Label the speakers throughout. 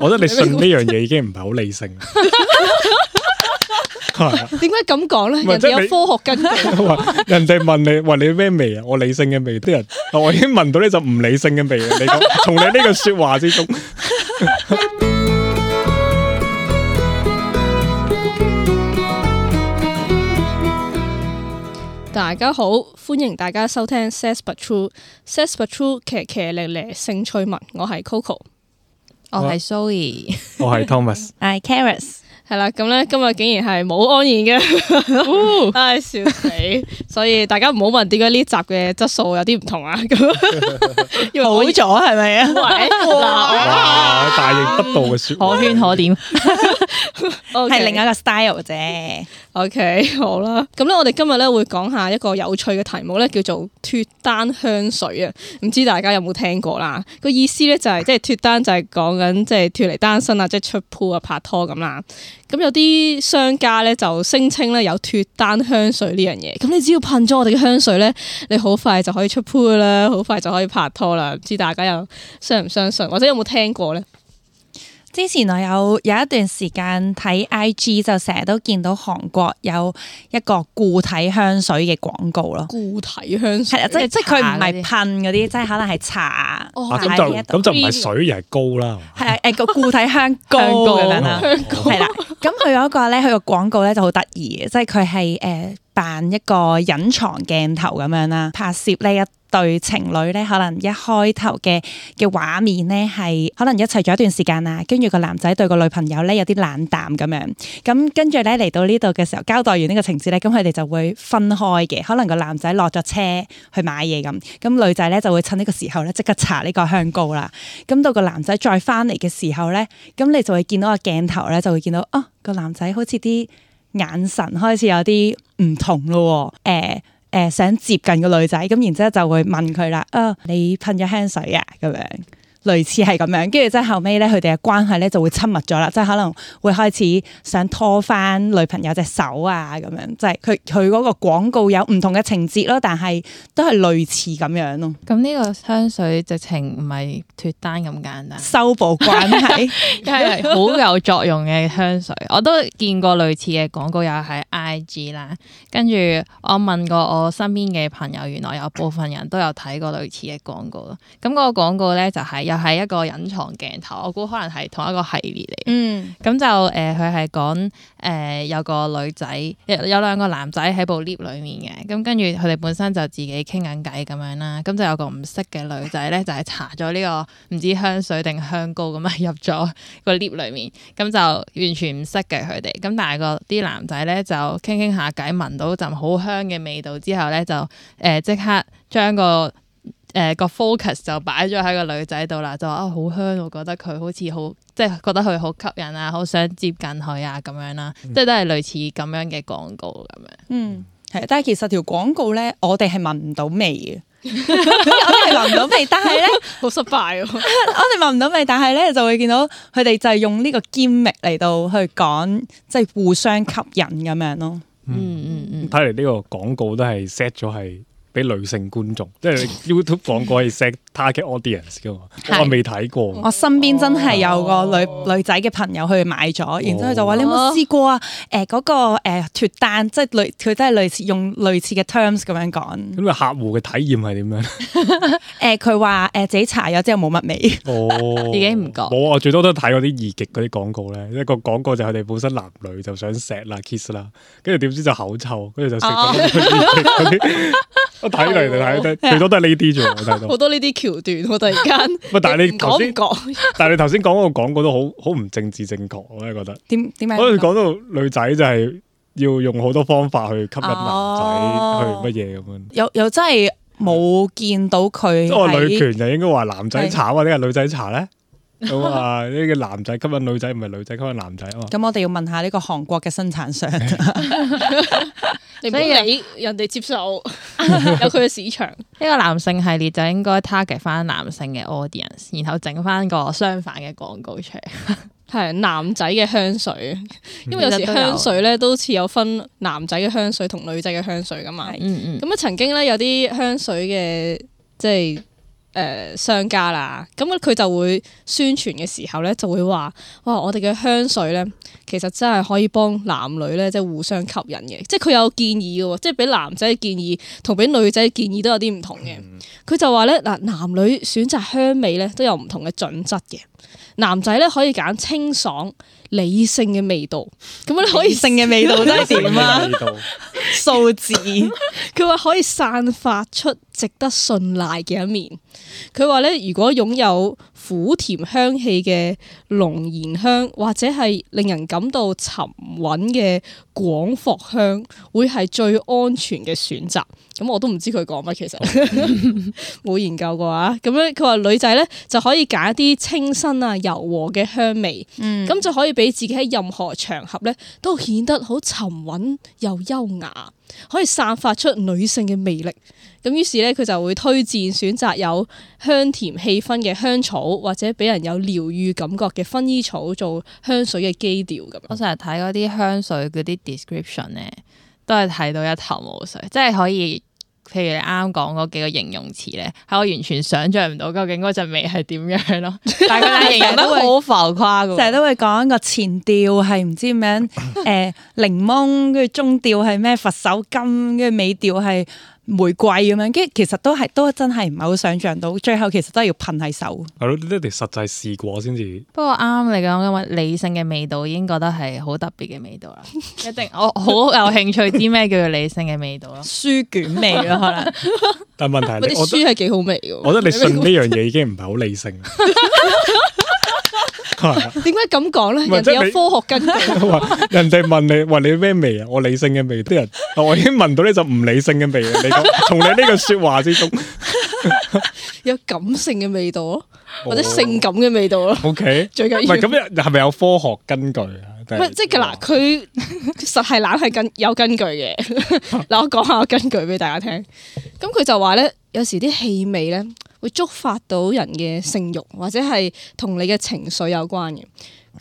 Speaker 1: 我覺得你信呢樣嘢已經唔係好理性啦。
Speaker 2: 點解咁講咧？人哋有科學根據
Speaker 1: 你。 人哋問你，喂，你咩味啊？我理性嘅味。啲人我已經聞到呢陣唔理性嘅味你你從你呢個說話之中。
Speaker 2: 大家好，歡迎大家收聽 Sex But True Sex But True，騎騎呢呢性趣聞，我係 Coco。我係 Zoie，
Speaker 1: 我係 Thomas，
Speaker 2: 我係 Charis 係啦，咁咧今日竟然係冇安然嘅，唉，笑死，所以大家唔好問點解呢集嘅質素有啲唔同啊，
Speaker 3: 因為好咗係咪啊？
Speaker 1: 大逆不道嘅說，可圈可點。
Speaker 2: 係 Okay, 另外一個 style 嘅啫。OK，好啦，咁咧，我哋今日咧會講下一個有趣嘅題目咧，叫做脱單香水啊。唔知大家有冇聽過啦？個意思咧就係、是、即係脱單就係講緊即係脱離單身啊，即係出鋪啊，拍拖咁啦。咁有啲商家咧就聲稱咧有脱單香水呢樣嘢。咁、這個、你只要噴咗我哋嘅香水咧，你好快就可以出鋪啦，好快就可以拍拖啦。唔知大家有相唔相信，或者有冇聽過咧？
Speaker 3: 之前我有有一段時間睇 IG 就成日都見到韓國有一個固體香水嘅廣告咯。固體香水係啊，即係即係佢唔係噴嗰啲，即係可能係擦，啊，就咁 就唔係
Speaker 1: 水而係膏啦，
Speaker 3: 係、呃、啊，誒個固體香膏嘅係啦，咁佢有一個咧，佢個廣告咧就好得意，嘅，即係佢係誒扮一個隱藏鏡頭咁樣啦，拍攝呢一。對情侶咧，可能一開頭嘅嘅畫面咧，係可能一齊咗一段時間啦，跟住個男仔對個女朋友咧有啲冷淡咁樣，咁跟住咧嚟到呢度嘅時候交代完呢個情節咧，咁佢哋就會分開嘅，可能個男仔落咗車去買嘢咁，咁女仔咧就會趁呢個時候咧即刻搽呢個香膏啦，咁到個男仔再翻嚟嘅時候咧，咁你就會見到個鏡頭咧就會見到，哦個男仔好似啲眼神開始有啲唔同咯，誒、呃。誒，想接近個女仔，咁然之後就會問佢啦，啊、哦，你噴咗香水啊，咁樣類似係咁樣，跟住即係後尾咧，佢哋嘅關係咧就會親密咗啦，即係可能會開始想拖翻女朋友隻手啊，咁樣，即係佢佢嗰個廣告有唔同嘅情節咯，但係都係類似咁樣咯。咁呢個香水直情唔係脫單咁簡單，修補關係
Speaker 4: 係好 有作用嘅香水， 我都見過類似嘅廣告，又係。I.G 啦，跟住我問過我身邊嘅朋友，原來有部分人都有睇過類似嘅廣告咯。咁嗰個廣告咧就係、是、又係一個隱藏鏡頭，我估可能係同一個系列嚟。嗯，咁、嗯、就誒佢係講誒、呃、有個女仔、呃，有兩個男仔喺部 lift 裏面嘅。咁跟住佢哋本身就自己傾緊偈咁樣啦。咁就有個唔識嘅女仔咧，就係搽咗呢個唔知香水定香膏咁啊入咗個 lift 裏面，咁就完全唔識嘅佢哋。咁但係個啲男仔咧就～傾傾下偈，聞到陣好香嘅味道之後咧，就誒即刻將個誒個 focus 就擺咗喺個女仔度啦，就話啊，好香，我覺得佢好似好，即係覺得佢好吸引啊，好想接近佢啊咁樣啦，即係都係類似咁樣嘅廣
Speaker 3: 告咁樣。嗯，係，但係其實條廣告咧，我哋係聞唔到味嘅。 我哋聞唔到味，但係咧好失敗啊。 我哋聞唔到味，但係咧就會見到佢哋就係用呢個 gimmick 嚟到去講，即係互相吸引咁樣咯。嗯嗯嗯，
Speaker 1: 睇嚟呢個廣告都係 set 咗係俾女性觀眾，即係 YouTube 廣告係 set。target audience 㗎嘛，我未睇過。我
Speaker 3: 身邊真係有個女女仔嘅朋友去買咗，然之後就話：你有冇試過啊？誒嗰個誒脫單，即係類佢都係類似用類似嘅 terms 咁樣講。
Speaker 1: 咁啊，客戶嘅體驗係點樣
Speaker 3: 咧？佢話誒自己查咗之後冇乜味，
Speaker 1: 哦，已經唔覺。冇啊，最多都睇嗰啲二極嗰啲廣告咧。一個廣告就佢哋本身男女就想錫啦、kiss 啦，跟住點知就口臭，跟住就食。我睇嚟就睇得最多都係呢啲啫，好多好多
Speaker 2: 呢啲。橋段，我突然間唔
Speaker 1: 但係你頭先講， 但係你頭先講嗰個講過都好好唔政治正確，我咧覺得點點樣可以講到女仔就係要用好多方法去吸引男仔去乜嘢咁樣？
Speaker 3: 又又、啊、真係冇見
Speaker 1: 到佢。哦，女權就應該話男仔慘或者係女仔慘咧？都、哦、啊、呢、這個男仔吸引女仔，唔係女仔吸引男仔啊！
Speaker 3: 咁、哦、我哋要問下呢個韓國嘅生產商
Speaker 2: 你俾你人哋接受有佢嘅市場。
Speaker 3: 呢 個男性系
Speaker 4: 列就應該 target 翻男性嘅 audience，然後整翻個相反嘅廣告出嚟，
Speaker 2: 係 男仔嘅香水。因為有時香水咧都似有分男仔嘅香水同女仔嘅香水噶嘛。咁啊、嗯嗯，曾經咧有啲香水嘅即係。嗯嗯誒、呃、商家啦，咁佢就會宣傳嘅時候咧，就會話：哇，我哋嘅香水咧，其實真係可以幫男女咧，即係互相吸引嘅。即係佢有建議喎，即係俾男仔嘅建議同俾女仔嘅建議都有啲唔同嘅。佢、嗯嗯、就話咧，嗱，男女選擇香味咧都有唔同嘅準則嘅。男仔咧可以揀清爽理性嘅味道，咁樣可以性嘅味道都係點啊？ 數字佢話可以散發出值得信賴嘅一面，佢話咧，如果擁有苦甜香氣嘅龍涎香，或者係令人感到沉穩嘅廣藿香，會係最安全嘅選擇。咁我都唔知佢講乜，其實冇 研究過啊。咁樣佢話女仔咧就可以揀一啲清新啊、柔和嘅香味，咁、嗯、就可以俾自己喺任何場合咧都顯得好沉穩又優雅，可以散發出女性嘅魅力。咁於是咧，佢就會推薦選擇有香甜氣氛嘅香草，或者俾人有療愈感覺嘅薰衣草做香水嘅基調咁。我成日睇嗰啲香水嗰啲 description 咧，
Speaker 4: 都係睇到一頭霧水，即係可以，譬如你啱講嗰幾個形容詞咧，係我完全想象唔到究竟嗰陣味係點樣咯。 但係佢形容都好浮誇
Speaker 3: 嘅，成日 都會講一個前調係唔知咩誒、呃、檸檬，跟住中調係咩佛手柑，跟住尾調係，玫瑰咁樣，跟住其實都係都真係唔係好想象到，最後其實都係要噴喺手。
Speaker 1: 係咯、嗯，你哋實際試過先至。
Speaker 3: 不
Speaker 4: 過啱啱嚟講，因為理性嘅味道已經覺得係好特別嘅味道啦， 一定我好有興趣啲咩叫做理性嘅味道咯。 書卷味咯，可能。
Speaker 1: 但係問題係你，啲書係
Speaker 4: 幾好
Speaker 2: 味嘅。我覺得你信呢樣
Speaker 1: 嘢已經唔係好理性。
Speaker 2: 係點解咁講咧？人哋有科學根據，
Speaker 1: 人哋問你，喂，你咩味啊？我理性嘅味，啲人我已經聞到呢種唔理性嘅味你味從你呢句說話之中，
Speaker 2: 有感性嘅味道咯，或者性感嘅味道咯。
Speaker 1: O K，最緊要唔係咁樣，係咪有科學根據啊？
Speaker 2: 即係嗱，佢實係懶係根有根據嘅。嗱，我講下我根據俾大家聽。咁佢就話咧，有時啲氣味咧。會觸發到人嘅性慾，或者係同你嘅情緒有關嘅。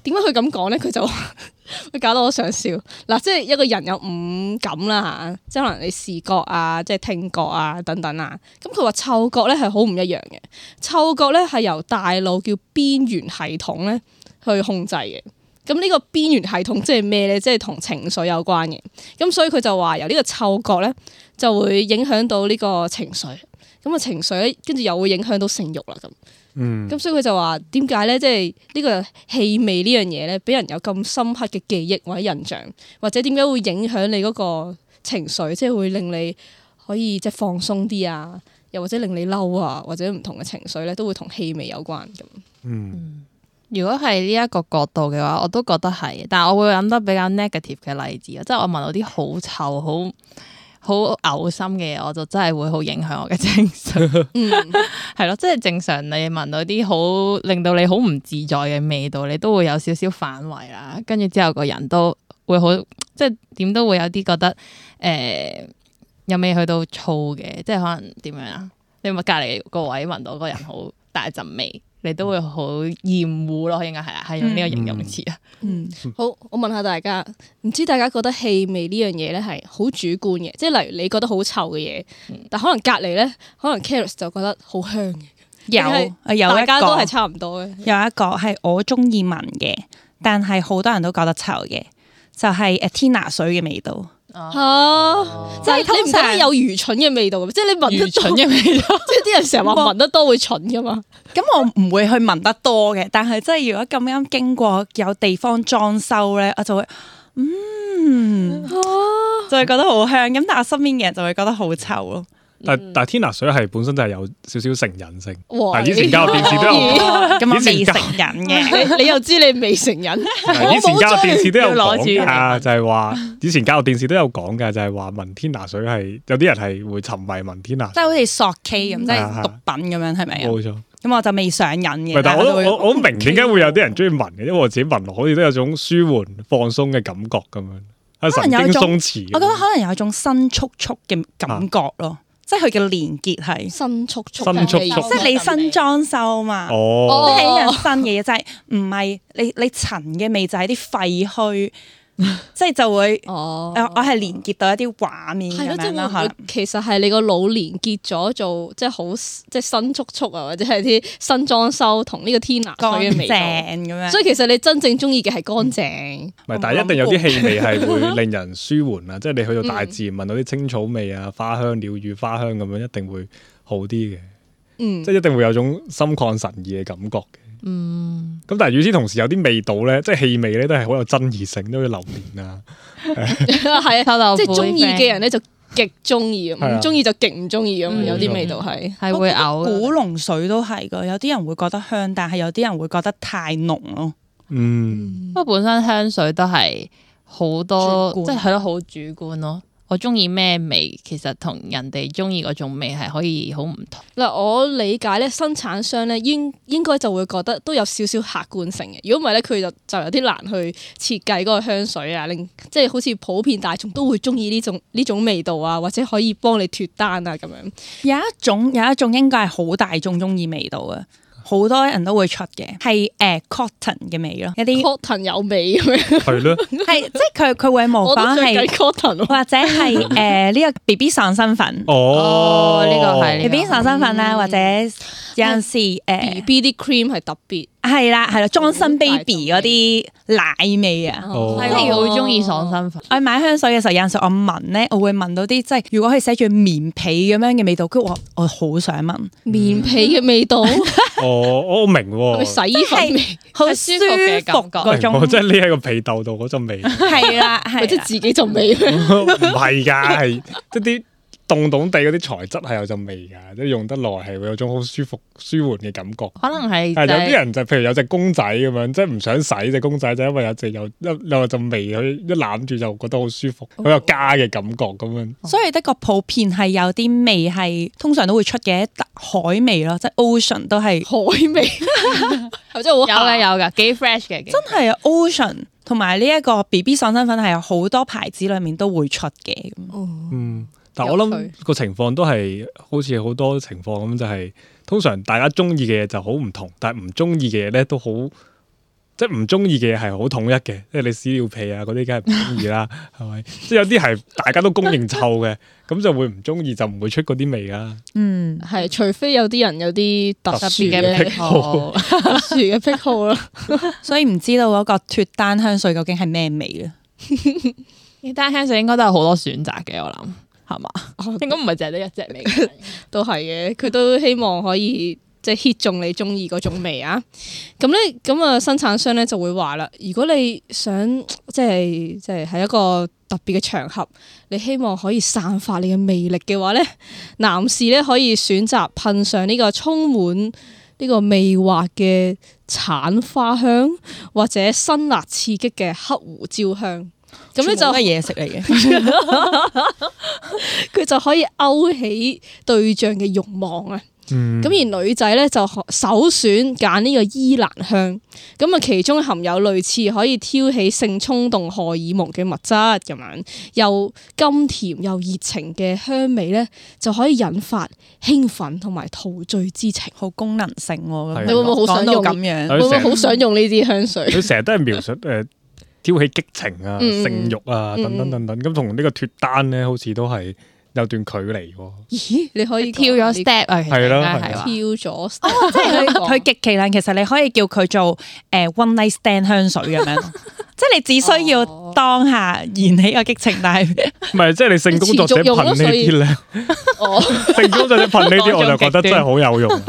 Speaker 2: 點解佢咁講咧？佢就， 佢搞到我想笑。嗱，即係一個人有五感啦吓，即係可能你視覺啊，即係聽覺啊等等啊。咁佢話嗅覺咧係好唔一樣嘅，嗅覺咧係由大腦叫邊緣系統咧去控制嘅。咁呢個邊緣系統即係咩咧？即係同情緒有關嘅。咁所以佢就話由呢個嗅覺咧。就會影響到呢個情緒，咁啊情緒跟住又會影響到性欲啦咁。咁、嗯、所以佢就話點解咧？即係呢、就是、個氣味呢樣嘢咧，俾人有咁深刻嘅記憶或者印象，或者點解會影響你嗰個情緒？即、就、係、是、會令你可以即係放鬆啲啊，又或者令你嬲啊，或者唔同嘅情緒咧，都會同氣味有關咁。嗯、如果係呢一
Speaker 4: 個角度嘅話，我都覺得係，但係我會諗得比較 negative 嘅例子啊，即、就、係、是、我聞到啲好臭好，好嘔心嘅嘢，我就真係會好影響我嘅情緒。 嗯，係咯，即係正常。你聞到啲好令到你好唔自在嘅味道，你都會有少少反胃啦。跟住之後個人都會好，即係點都會有啲覺得，誒、呃，有味去到燥嘅，即係可能點樣啊？你咪隔籬個位聞到個人好大陣味。 你都會好厭惡咯，應該係啦，係用呢個形容詞啊。嗯， 好，
Speaker 2: 我問下大家，唔知大家覺得氣味呢樣嘢咧係好主觀嘅，即係例如你覺得好臭嘅嘢，嗯、但可能隔離咧，可能 Charis 就覺得好香嘅。嗯、有啊，有大家都係差唔多嘅，有一
Speaker 3: 個係我中意聞嘅，但係好多人都覺得臭嘅，就係誒天拿水嘅味道。
Speaker 2: 吓，就係睇唔覺得有愚蠢嘅味，味道？ 即係你聞得蠢嘅味道，即係啲人成日話聞得多會蠢噶嘛？咁、嗯、我唔會去聞得多嘅，但係真係如果咁啱經
Speaker 3: 過有地方裝修咧，我就會嗯，啊、就係覺得好香。咁但係我身邊嘅人就會覺得好臭咯。
Speaker 1: 但但天拿水係本身就係有少少成癮性，但以前教育電視都有，
Speaker 3: 咁未成癮嘅，你又知你
Speaker 2: 未成癮。以前教育電視都有講嘅，
Speaker 1: 就係話以前教育電視都有講嘅，就係話聞天拿水係有啲人係會沉迷聞天拿水。
Speaker 3: 即係好似索 K 咁，即係毒品咁樣，係咪？冇錯。咁我就未上癮嘅。但我
Speaker 1: 我我明點解會有啲人中意聞嘅，因為我自己聞落好似都有種舒緩、放鬆嘅感覺咁樣，神經鬆弛。我覺得
Speaker 3: 可能有一種新速速嘅感覺咯。即係佢嘅連結係新速速嘅，即係你新裝修嘛，即係、哦哦、一樣新嘢，就係唔係你你塵嘅味就係啲廢墟。即係 就會哦，我係連結
Speaker 2: 到一啲畫面咁樣啦的能其實係你個腦連結咗做，即係好即係新簇簇啊，或者係啲新裝修同呢個天拿水嘅味道咁樣。所以其實你真正中意嘅係乾淨。
Speaker 1: 唔係、嗯，但係一定有啲氣味係會令人舒緩啊！ 即係你去到大自然聞到啲青草味啊、花香、鳥語花香咁樣，一定會好啲嘅。嗯、即係一定會有種心曠神怡嘅感覺。嗯，咁但係與此同時，有啲味道咧，即係氣味咧，都係好有爭議性，都要榴槤啊。
Speaker 2: 係啊，即係中意嘅人咧就極中意，唔中意就極唔中意咁，有啲味道係係會嘔。
Speaker 3: 古龍水都係噶，有啲人會覺得香，但係有啲人會覺得太濃咯。嗯，不過、嗯、本身香水都係好多，即係係得
Speaker 4: 好主觀咯。我中意咩味，其實同人哋中意嗰種味係可以好唔
Speaker 2: 同。嗱，我理解咧，生產商咧應應該就會覺得都有少少客觀性嘅。如果唔係咧，佢就就有啲難去設計嗰個香水啊，令即係好似普遍大眾都會中意呢種呢種味道啊，或者可以幫你脫單啊咁樣有一種。
Speaker 3: 有一種有一種應該係好大眾中意味道啊。好多人都會出嘅，係誒、uh, cotton 嘅味咯，有啲些 cotton 有味咁樣，係咯， 係即係佢佢會模仿係 cotton， 或者係誒呢個 BB 散身粉？哦，呢、哦、個係 BB 散身粉啦，或者有
Speaker 2: 陣時誒 BB 啲 cream 係特別。
Speaker 3: 係啦，係啦，裝身 baby 嗰啲奶味啊，真係好中意爽身粉。我買香水嘅時候，有陣時候我聞咧，我會聞到啲即係，如果係寫住棉被咁樣嘅味道，跟住我好想聞
Speaker 2: 棉被嘅味道。
Speaker 1: 哦，我明喎， 係
Speaker 2: 係洗衣服好舒服嘅感覺，即係呢喺
Speaker 1: 個被竇度嗰陣味
Speaker 2: 道。係 啦， 係即係自己種味。
Speaker 1: 唔係㗎，係即啲。凍凍地嗰啲材質係有陣味噶，即係用得耐係會有種好舒服舒緩嘅感覺。可
Speaker 4: 能係有啲人就
Speaker 1: 是，譬如有隻公仔咁樣，即係唔想洗隻公仔，就因為有隻有有有陣味，佢一攬住就覺得好舒服，好，哦，有家嘅感覺咁樣。
Speaker 3: 所以德國普遍係有啲味係通常都會出嘅海味咯，即係 ocean 都係海味，海味 有嘅有嘅，幾 fresh 嘅。真係 ocean 同埋呢一個 B B 爽身粉係有好多牌子裏面都會出嘅。哦，
Speaker 1: 嗯但我諗個情況都係好似好多情況咁，就係、是、通常大家中意嘅嘢就好唔同，但係唔中意嘅嘢咧都好即係唔中意嘅嘢係好統一嘅，即係你屎尿屁啊嗰啲梗係唔中意啦，係咪？ 即係有啲係大家都公認臭嘅，咁 就會唔中意就唔會出嗰啲味啦。嗯，
Speaker 2: 係除非有啲人有啲特別嘅癖好，特殊嘅癖好啦，所以唔知
Speaker 3: 道嗰個脱單香水究竟係咩味啦。脱 單香水應該都有好多選擇嘅，我諗。係嘛？
Speaker 2: 應該唔係淨係得一隻味， 都係嘅。佢都希望可以即係挾中你中意嗰種味啊。咁咧，咁啊，生產商咧就會話啦：如果你想即係即係喺一個特別嘅場合，你希望可以散發你嘅魅力嘅話咧，男士咧可以選擇噴上呢個充滿呢個味滑嘅橙花香，或者辛辣刺激嘅黑胡椒香。咁咧就係嘢食嚟嘅，佢就可以勾起對象嘅慾望啊。咁、嗯、而女仔咧就首選揀呢個伊蘭香，咁啊其中含有類似可以挑起性衝動荷爾蒙嘅物質，咁樣又甘甜又熱情嘅香味咧，就可以引發興奮同埋陶醉之情，好功能性，啊。的你會唔會好想用咁樣？你會唔會好想用呢支香水？佢
Speaker 1: 成日都係描述誒。 挑起激情啊、性欲啊等等等等，咁同呢個脫單咧，好似都係有段距離喎。
Speaker 2: 咦？你可以跳咗 step 啊，係咯係啊，跳咗哦，即係佢佢
Speaker 3: 極其量。其實你可以叫佢做誒 one night stand 香水咁樣，即係你只需要當下燃起個激情，但係
Speaker 1: 唔係即係你性工作者噴呢啲咧？性工作者噴呢啲我就覺得真係好有用。.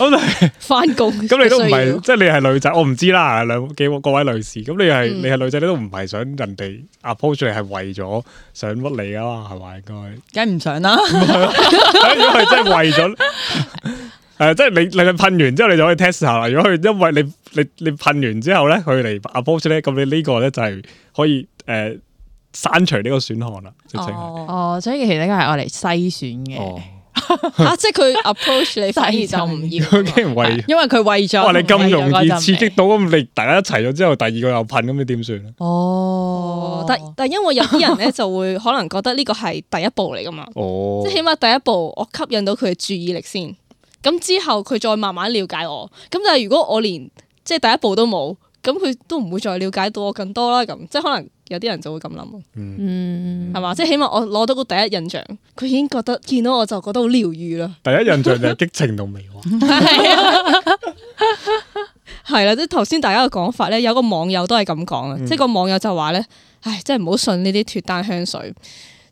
Speaker 2: 咁翻工，咁你都唔係，
Speaker 1: 即係你係女仔，我唔知啦。兩幾各位女士，咁你係你係女仔，你都唔係想人哋 approach 你，係為咗想乜嚟啊嘛？係咪應該？梗唔想啦，如果佢真係為咗，誒、 呃，即係你你哋噴完之後，你就可以 test 下。如果佢因為你你你噴完之後咧，佢嚟 approach 咧，咁你呢個咧就係可以誒、呃、刪除呢個選項啦、哦。哦，
Speaker 4: 所以其實係我嚟篩選嘅。哦。嚇、 啊！即係佢 approach 你反而 就
Speaker 2: 唔
Speaker 1: 要， 因
Speaker 2: 為佢為咗 哇你咁容易刺
Speaker 1: 激到咁，你 大家一齊咗之後，第二個又噴咁，你點算哦，哦但，
Speaker 2: 但但因為有啲人咧就會可能覺得呢個係第一步嚟㗎嘛，哦，即係起碼第一步我吸引到佢嘅注意力先，咁之後佢再慢慢了解我，咁但係如果我連即係第一步都冇，咁佢都唔會再了解到我更多啦，咁即係可能。有啲人就會咁諗嗯，係嘛？即係起碼我攞到個第一印象，佢已經覺得見到我就覺得好療愈咯。
Speaker 1: 第一印象就係激情同美
Speaker 2: 華，係、嗯、啊，啦、嗯。即係頭先大家嘅講法咧，有個網友都係咁講啊，即係個網友就話咧，唉，真係唔好信呢啲脫單香水。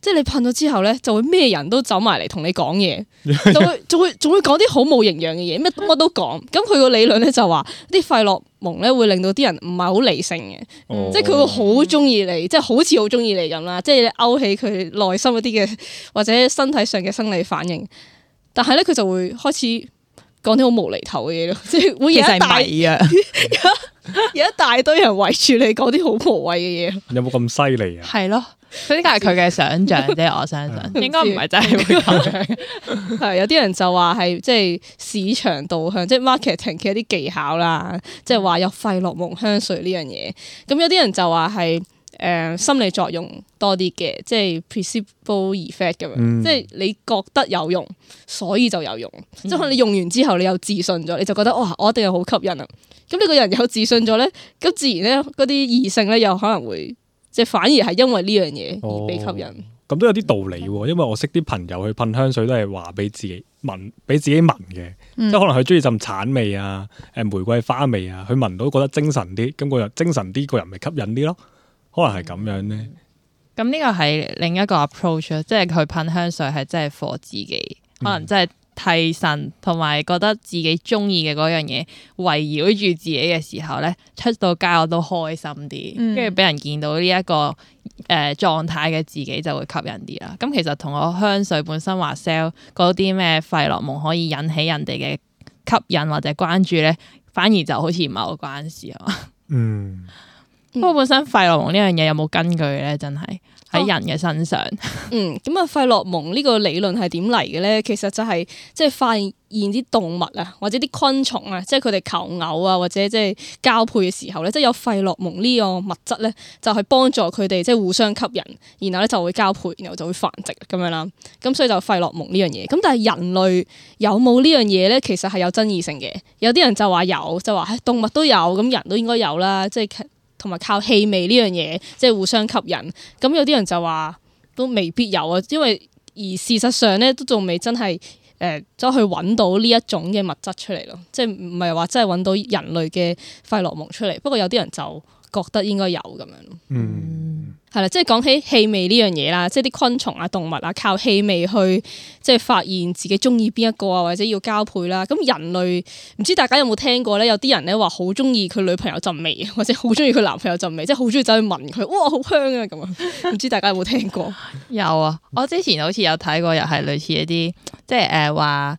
Speaker 2: 即係你噴咗之後咧，就會咩人都走埋嚟同你講嘢， 會就會，就會，仲會講啲好冇營養嘅嘢，乜乜都講。咁佢個理論咧就話啲費洛蒙咧會令到啲人唔係好理性嘅，哦、即係佢會好中意你，即係好似好中意你咁啦，即係勾起佢內心嗰啲嘅或者身體上嘅生理反應。但係咧佢就會開始講啲好無厘頭嘅嘢咯，即係會一大。 有一大堆人圍住你講啲好無謂嘅嘢，
Speaker 1: 有冇咁犀利啊？
Speaker 2: 係咯， 所以咁係佢嘅想
Speaker 4: 象啫。我相信 應該唔係真係
Speaker 2: 會，係 有啲人就話係即係市場導向，即係 marketing 嘅一啲技巧啦。即係話有費洛蒙香水呢樣嘢，咁有啲人就話係誒心理作用多啲嘅，即係 placebo effect 咁樣，嗯、即係你覺得有用，所以就有用。即係可能你用完之後，你有自信咗，你就覺得哇、哦，我一定係好吸引啊！咁呢個人有自信咗咧，咁自然咧嗰啲異性咧又可能會即係反而係因為呢樣嘢而被吸引。
Speaker 1: 咁都、哦、有啲道理喎、哦，因為我識啲朋友去噴香水都係話俾自己聞，俾自己聞嘅，嗯、即係可能佢中意陣橙味啊、誒玫瑰花味啊，佢聞到覺得，覺得精神啲，咁、那個人精神啲，個人咪吸引啲咯，可能係咁樣咧。
Speaker 4: 咁呢、嗯、個係另一個 approach，即係佢噴香水係真係 for 自己，可能真係。嗯提神同埋覺得自己中意嘅嗰樣嘢圍繞住自己嘅時候咧，出到街我都開心啲，跟住俾人見到呢、這、一個誒狀態嘅自己就會吸引啲啦。咁、嗯、其實同我香水本身話 sell 嗰啲咩費洛蒙可以引起人哋嘅吸引或者關注咧，反而就好似唔係好關事啊。
Speaker 2: 嗯，
Speaker 4: 不過本身費洛蒙呢樣嘢有冇根據咧？真係。喺人嘅身上，
Speaker 2: 哦，嗯，咁啊，費洛蒙呢個理論係點嚟嘅咧？其實就係即係發現啲動物啊，或者啲昆蟲啊，即係佢哋求偶啊，或者即係交配嘅時候咧，即係有費洛蒙呢個物質咧，就係幫助佢哋即係互相吸引，然後咧就會交配，然後就會繁殖咁樣啦。咁所以就費洛蒙呢樣嘢。咁但係人類有冇呢樣嘢咧？其實係有爭議性嘅。有啲人就話有，就話唉動物都有，咁人都應該有啦。即係。同埋靠氣味呢樣嘢，即係互相吸引。咁有啲人就話都未必有啊，因為而事實上咧都仲未真係誒走去揾到呢一種嘅物質出嚟咯，即係唔係話真係揾到人類嘅費洛蒙出嚟。不過有啲人就覺得應該有咁樣，嗯，係啦，即係講起氣味呢樣嘢啦，即係啲昆蟲啊、動物啊，靠氣味去即係發現自己中意邊一個啊，或者要交配啦。咁人類唔知大家有冇聽過咧？有啲人咧話好中意佢女朋友陣味，或者好中意佢男朋友陣味，即係好中意走去聞佢，哇，好香啊咁樣！唔知大家有冇聽過？
Speaker 4: 有啊，我之前好似有睇過，又係類似一啲即係誒話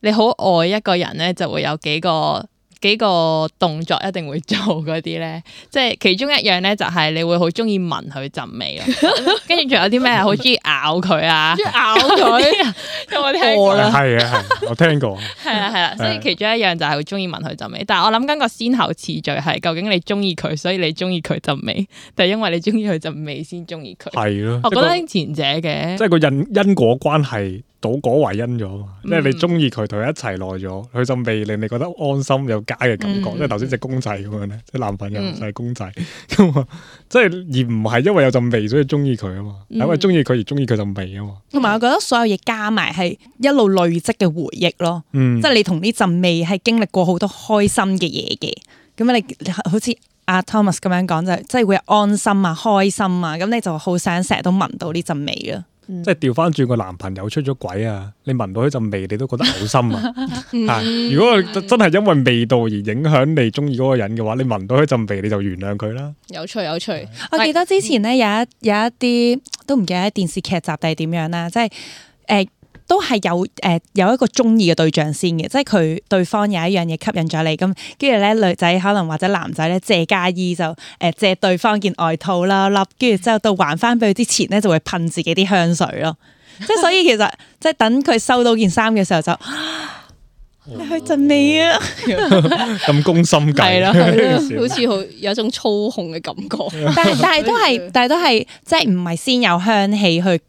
Speaker 4: 你好愛一個人咧，就會有幾個。幾個動作一定會做嗰啲咧，即係其中一樣咧就係、是、你會好中意聞佢陣味咯，跟住仲有啲咩？好中意咬佢啊！ 咬佢，我些 聽過啦。係啊、 哦，
Speaker 1: 我聽過。
Speaker 4: 係 啊，係啊。所以其中一樣就係好中意聞佢陣味。但係我諗緊個先後次序係，究竟你中意佢，所以你中意佢陣味，定係因為你中意佢陣味先中意佢？係咯，的我覺得前者嘅。即
Speaker 1: 係個因因果關係。倒果為因咗嘛？即係你中意佢同佢一齊耐咗，佢陣味令你覺得安心有家嘅感覺。即係頭先隻公仔咁樣咧，即係男朋友細公仔咁啊，即係、嗯、 而唔係因為有陣味所以中意佢啊嘛，因為中意佢而中意佢陣味啊嘛。
Speaker 3: 同埋、嗯、我覺得所有嘢加埋係一路累積嘅回憶咯，嗯、
Speaker 1: 即係你同
Speaker 3: 呢陣味係經歷過好多開心嘅嘢嘅。咁你好似阿、啊、Thomas 咁樣講就係，即係會安心啊、開心啊，咁你就好想成日都聞到呢陣味
Speaker 1: 啦。嗯、即係調翻轉，個男朋友出咗軌啊！你聞到嗰陣味，你都覺得嘔心啊！ 如果真係因為味道而影響你中意嗰個人嘅話，你聞到嗰陣味你就原諒佢啦。
Speaker 3: 有趣有趣。對我記得之前咧有一有一啲都唔記得電視劇集定係點樣啦，即係誒。呃都係有誒有一個中意嘅對象先嘅，即係佢對方有一樣嘢吸引咗你，咁跟住咧女仔可能或者男仔咧借家衣就誒借對方件外套啦笠，跟住之後到還翻俾佢之前咧就會噴自己啲香水咯，即係 所以其實即係等佢收到件衫嘅時候就
Speaker 2: 你去陣味啊，
Speaker 1: 咁 攻心計，係 好似
Speaker 2: 好有一種操控嘅感覺，
Speaker 3: 但係但係都係但係都係即係唔係先有香氣去。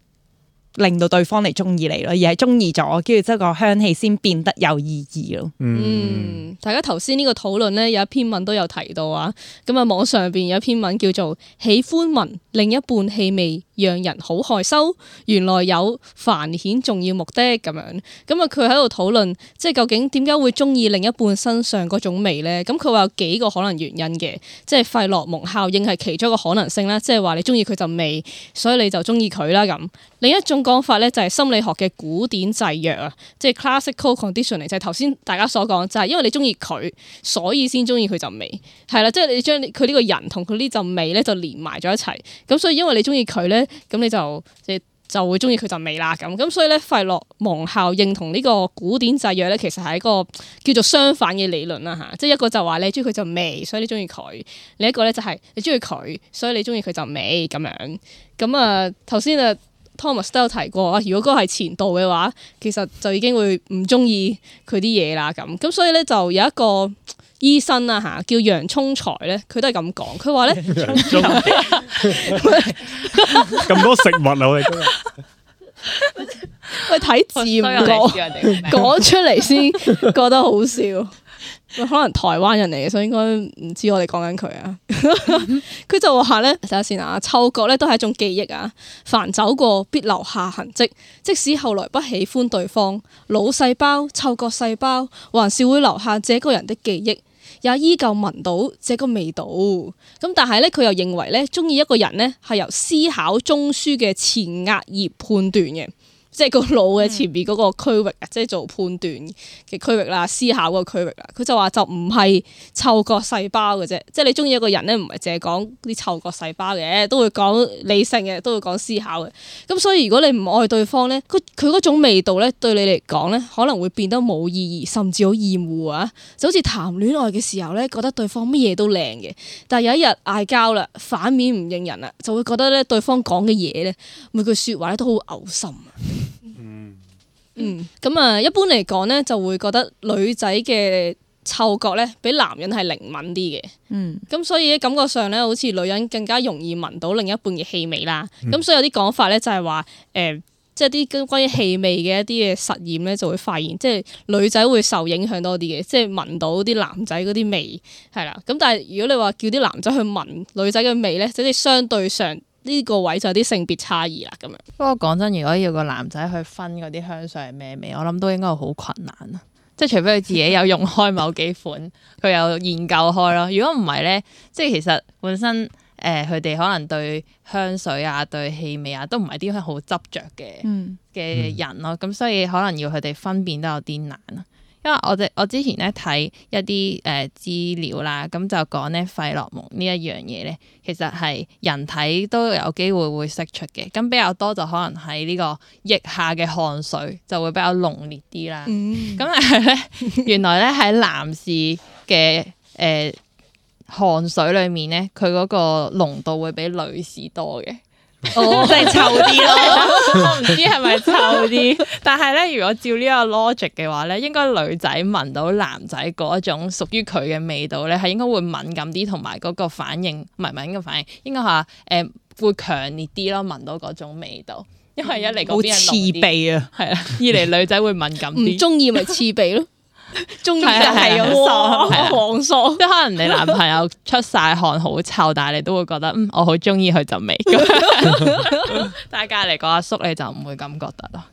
Speaker 3: 令到對方嚟中意你咯，而係中意咗，跟住即係個香氣先變得有意義咯。嗯，
Speaker 2: 大家頭先呢個討論咧，有一篇文都有提到啊。咁啊，網上邊有一篇文叫做《喜歡聞另一半氣味》。讓人好害羞，原來有繁衍重要目的咁樣。咁啊，佢喺度討論，即係究竟點解會中意另一半身上嗰種味咧？咁佢話有幾個可能原因嘅，即係費洛蒙效應係其中一個可能性啦。即係話你中意佢就味，所以你就中意佢啦咁。另一種講法咧就係心理學嘅古典制約啊，即係 classical conditioning 就係頭先大家所講，就係因為你中意佢，所以先中意佢就味。係啦，即係你將佢呢個人同佢呢陣味咧就連埋咗一齊，咁所以因為你中意佢咧。咁你就即就會中意佢就美啦咁，咁所以咧費洛蒙效應同呢個古典制約咧，其實係一個叫做相反嘅理論啦吓，即係一個就話你中意佢就美，所以你中意佢；另一個咧就係你中意佢，所以你中意佢就美。咁樣。咁啊，頭先啊 Thomas 都有提過啊，如果嗰個係前度嘅話，其實就已經會唔中意佢啲嘢啦咁。咁所以咧就有一個。醫生啊嚇，叫楊聰才咧，佢都係咁講。佢話咧，
Speaker 1: 咁多食物啊，我哋
Speaker 2: 喂睇字，唔講出嚟先覺得好笑。 可能台灣人嚟嘅，所以應該唔知我哋講緊佢啊。佢 就話咧，睇下先啊，嗅覺咧都係一種記憶啊。凡走過必留下痕跡，即使後來不喜歡對方，腦細胞、嗅覺細胞還是會留下這個人的記憶。也依舊聞到這個味道，咁但係咧，佢又認為咧，中意一個人咧係由思考中樞嘅前額葉而判斷嘅。即係個腦嘅前面嗰個區域啊，嗯、即係做判斷嘅區域啦，思考嗰個區域啦。佢就話就唔係嗅覺細胞嘅啫，即係你中意一個人咧，唔係淨係講啲嗅覺細胞嘅，都會講理性嘅，都會講思考嘅。咁所以如果你唔愛對方咧，佢佢嗰種味道咧對你嚟講咧，可能會變得冇意義，甚至好厭惡啊！就好似談戀愛嘅時候咧，覺得對方乜嘢都靚嘅，但係有一日嗌交啦，反面唔認人啦，就會覺得咧對方講嘅嘢咧，每句説話咧都好嘔心。嗯，咁啊，一般嚟講咧，就會覺得女仔嘅嗅覺咧，比男人係靈敏啲嘅。嗯，咁所以咧，感覺上咧，好似女人更加容易聞到另一半嘅氣味啦。咁，嗯，所以有啲講法咧，就係，就係話，誒，即係啲關於氣味嘅一啲嘅實驗咧，就會發現，即係女仔會受影響多啲嘅，即係聞到啲男仔嗰啲味，係啦。咁但係如果你話叫啲男仔去聞女仔嘅味咧，即係相對上。呢個位就有啲性別差異啦，咁樣。不過
Speaker 4: 講真，如果要個男仔去分嗰啲香水係咩味，我諗都應該會好困難啊！即係除非佢自己有用開某幾款，佢 有研究開咯。如果唔係咧，即係其實本身誒佢哋可能對香水啊、對氣味啊，都唔係啲好執着嘅嘅人咯。咁、嗯嗯、所以可能要佢哋分辨都有啲難啊。因為我哋我之前咧睇一啲誒、呃、資料啦，咁就講咧費洛蒙呢一樣嘢咧，其實係人體都有機會會釋出嘅。咁比較多就可能喺呢個腋下嘅汗水就會比較濃烈啲啦。咁但係咧，原來咧喺 男士嘅誒、呃、汗水裡面咧，佢嗰個濃度會比女士多嘅。
Speaker 2: 哦，oh, 即係臭啲
Speaker 4: 咯，我唔 知係咪臭啲，但係咧，如果照呢個 logic 嘅話咧，應該女仔聞到男仔嗰種屬於佢嘅味道咧，係應該會敏感啲，同埋嗰個反應，唔係敏感嘅反應，應該話誒會強烈啲咯，聞到嗰種味道，
Speaker 2: 因為一嚟嗰啲刺鼻啊。
Speaker 4: 係啊，二嚟女仔會敏感啲，唔中
Speaker 2: 意咪刺鼻咯。
Speaker 4: 中意就係個騷，黃騷，即可能你男朋友出晒汗好臭，但係你都會覺得嗯，我好中意佢陣味。
Speaker 2: 但係隔籬個阿叔你就唔會咁覺得咯。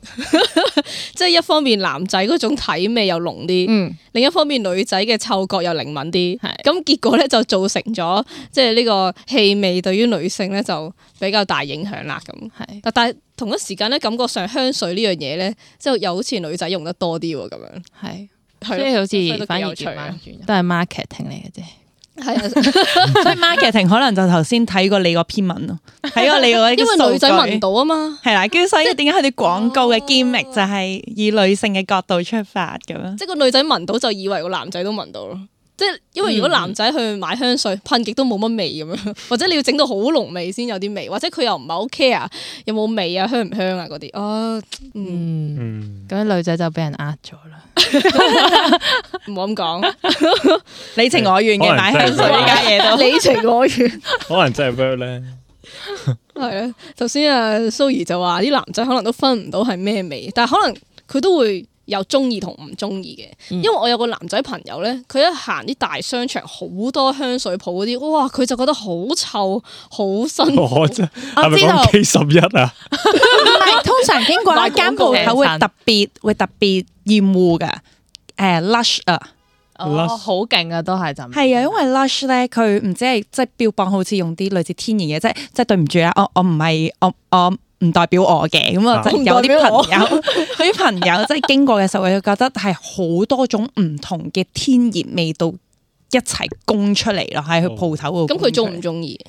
Speaker 2: 即係一方面男仔嗰種體味又濃啲，另一方面女仔嘅嗅覺又靈敏啲，咁結果咧就造成咗即係呢個氣味對於女性咧就比較大影響啦。咁係，但係同一時間咧，感覺上香水呢樣嘢咧，即係又好似女仔用得多啲咁樣，係。即對係好似反而全部
Speaker 3: 都係 marketing 嚟嘅啫，
Speaker 2: 所以 marketing
Speaker 3: 可能就頭先睇過你個篇文咯，
Speaker 2: 睇過你個篇文，因為女仔聞到啊嘛，係啦，跟住
Speaker 3: 所以點解佢哋廣告嘅 gimmick 就係以女性嘅角度出發咁啊？哦，
Speaker 2: 即係個女仔聞到就以為個男仔都聞到咯。即係，因為如果男仔去買香水，噴極都冇乜味咁樣，或者你要整到好濃味先有啲味，或者佢又唔係好 care 有冇味啊，香唔香啊嗰啲，哦，嗯，
Speaker 4: 咁樣、嗯、女仔就俾人呃咗啦，
Speaker 2: 唔好咁講， 你情我願嘅買香水呢家嘢都。 你情我
Speaker 1: 願，可能真係 work 咧，
Speaker 2: 係 啊， 頭先啊，Zoie 就話啲男仔可能都分唔到係咩味，但係可能佢都會。有中意同唔中意嘅，因為我有個男仔朋友咧，佢一行啲大商場好多香水鋪嗰啲，哇！佢就覺得好臭，好新。我
Speaker 1: 啫，係咪講 K 十一啊？
Speaker 3: 唔係， 通常經過間鋪頭會特別會特別厭惡嘅。誒、uh，Lush 啊，
Speaker 1: 好
Speaker 3: 勁啊，都係就係啊，因為 Lush 咧，佢唔知係即係標榜好似用啲類似天然嘢，即係即係對唔住啊，我我唔係我我。我唔代表我嘅，咁啊，有啲朋友，佢啲朋友即係經過嘅時候，佢覺得係好多種唔同嘅天然味道一齊供出嚟咯，喺佢鋪頭度。咁佢中唔中意？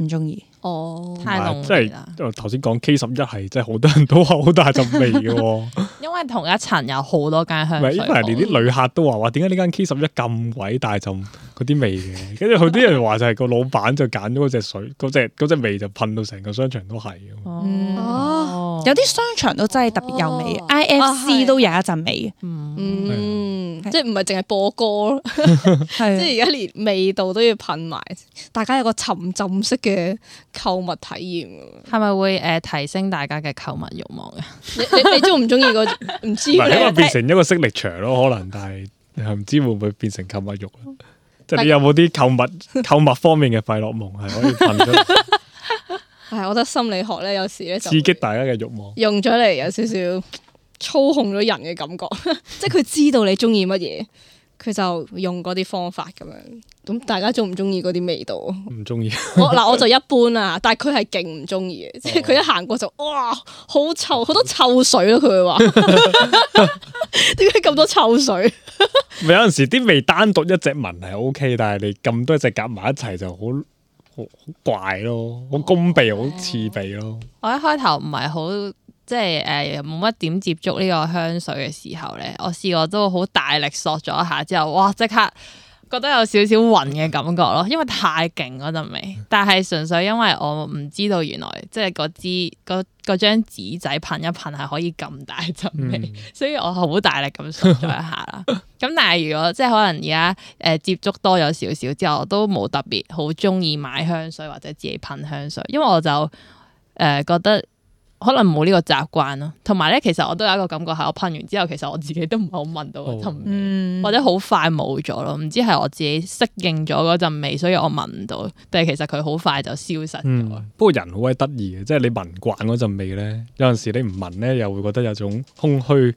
Speaker 3: 唔中意哦，oh，
Speaker 4: 太濃即
Speaker 1: 係，我頭先講 K 十一係，即係好多人都話好大陣味嘅。 因
Speaker 4: 為同一層有好多間香，因為連啲旅
Speaker 1: 客都話話，點解呢間 K 十一咁鬼大陣嗰啲味嘅？跟住佢啲人話就係個老闆就揀咗嗰隻水，嗰隻隻味就噴到成個商場都係。Oh,
Speaker 3: 哦，有啲商場都真係特別有味，IFC 都有一陣味。
Speaker 2: 即係唔係淨係播歌咯， 即係而家連味道都要噴埋，大家有個沉浸式嘅購物體驗，
Speaker 4: 係咪會誒、呃、提升大家嘅購
Speaker 1: 物欲望
Speaker 2: 嘅？ 你喜喜、那個、 你中唔中意個唔知？因為變成
Speaker 1: 一個色力場咯，可能，但係唔知會唔會變成購物欲
Speaker 2: 即係你有
Speaker 1: 冇啲購物購物方面嘅快樂夢係可以
Speaker 2: 噴？唉、 哎，我覺得心理學咧，有時咧刺
Speaker 1: 激大家嘅欲望，
Speaker 2: 用咗嚟，有少少。 操控咗人嘅感覺，即係佢知道你中意乜嘢，佢就用嗰啲方法咁樣。咁大家中唔中意嗰啲味道？唔
Speaker 1: 中意。我嗱 我就一
Speaker 2: 般啦，但係佢係勁唔中意嘅，哦、即係佢一行過就哇好臭，好、哦、多臭水咯、啊。佢會話，點解咁多臭水？
Speaker 1: 咪 有陣時啲味單獨一隻聞係 O K，但係你咁多隻夾埋一齊就好好怪咯，好攻鼻，好刺鼻咯。
Speaker 4: 哦、我一開頭唔係好。即係誒，冇乜點接觸呢個香水嘅時候咧，我試過都好大力索咗一下之後，哇！即刻覺得有少少暈嘅感覺咯，因為太勁嗰陣味。但係純粹因為我唔知道原來即係嗰支嗰嗰張紙仔噴一噴係可以咁大陣味，嗯、所以我好大力咁索咗一下啦。咁 但係如果即係可能而家誒接觸多咗少少之後，我都冇特別好中意買香水或者自己噴香水，因為我就誒、呃、覺得。可能冇呢個習慣咯，同埋咧，其實我都有一個感覺係，我噴完之後，其實我自己都唔係好聞到、哦嗯、或者好快冇咗咯。唔知係我自己適應咗嗰陣味，所以我聞唔到，定係其實佢好快就消失。咗、嗯。
Speaker 1: 不過人好鬼得意嘅，即係你聞慣嗰陣味咧，有陣時你唔聞咧，又會覺得有種空虛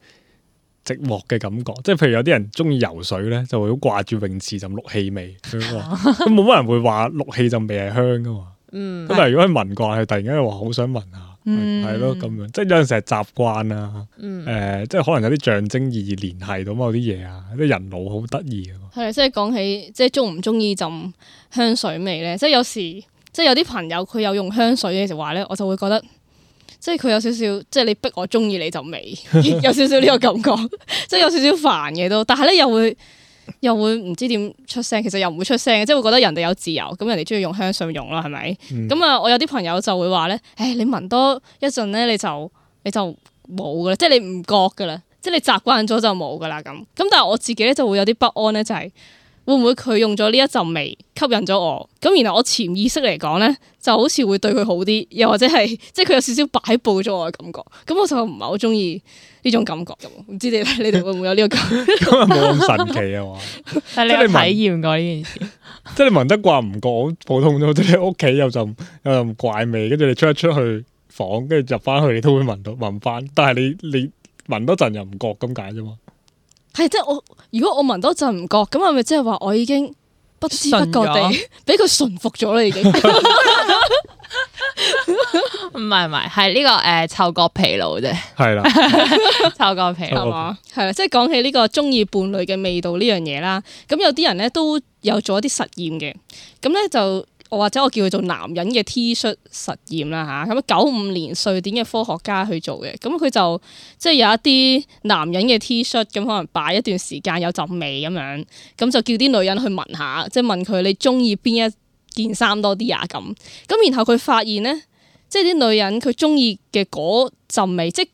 Speaker 1: 寂寞嘅感覺。即係譬如有啲人中意游水咧，就會好掛住泳池浸氯氣味。咁冇乜人會話氯氣浸味係香噶嘛？咁、嗯、但係如果佢聞慣，佢突然間又話好想聞下。嗯，係咯，咁樣即係有陣時係習慣啦。嗯，誒、呃，即係可能有啲象徵意義聯繫到某啲嘢啊，啲人腦好得意啊。
Speaker 2: 係，即係講起即係中唔中意陣香水味咧，即係有時即係有啲朋友佢有用香水嘅時候話咧，我就會覺得即係佢有少少即係你逼我中意你陣味， 有少少呢個感覺，即係有少少煩嘅都，但係咧又會。又會唔知點出聲，其實又唔會出聲，即係會覺得人哋有自由，咁人哋中意用香水用咯，係咪？咁啊、嗯嗯，我有啲朋友就會話咧，誒、哎，你聞多一陣咧，你就你就冇噶啦，即係你唔覺噶啦，即係你習慣咗就冇噶啦咁。咁但係我自己咧就會有啲不安咧，就係、是、會唔會佢用咗呢一陣味吸引咗我，咁然後我潛意識嚟講咧就好似會對佢好啲，又或者係即係佢有少少擺佈咗我嘅感覺，咁我就唔係好中意。呢種感覺，唔知你你哋會唔會有呢個感覺？咁又冇咁神奇啊？嘛，但係你有體
Speaker 1: 驗過呢件事，即係你聞得慣唔覺，好普通咗。即係你屋企有陣有陣怪味，跟住你出一出去房，跟住入翻去你都會聞到聞翻。但係你你聞多陣又唔覺咁解啫嘛？
Speaker 2: 係即係我如果我聞多陣唔覺，咁係咪即係話我已經不知不覺地俾佢馴服咗啦？已經。
Speaker 4: 唔係唔係，係呢、 這個誒嗅覺疲
Speaker 2: 勞啫，係 啦皮，嗅覺疲勞係啦，即係講起呢個中意伴侶嘅味道呢樣嘢啦，咁有啲人咧都有做一啲實驗嘅，咁咧就我或者我叫佢做男人嘅 T 恤實驗啦吓，咁九五年瑞典嘅科學家去做嘅，咁佢就即係有一啲男人嘅 T 恤咁，shirt，可能擺一段時間有陣味咁樣，咁就叫啲女人去聞下，即係問佢你中意邊一？件衫多啲啊，咁，咁然後佢發現咧，即係啲女人佢中意嘅嗰陣味，即係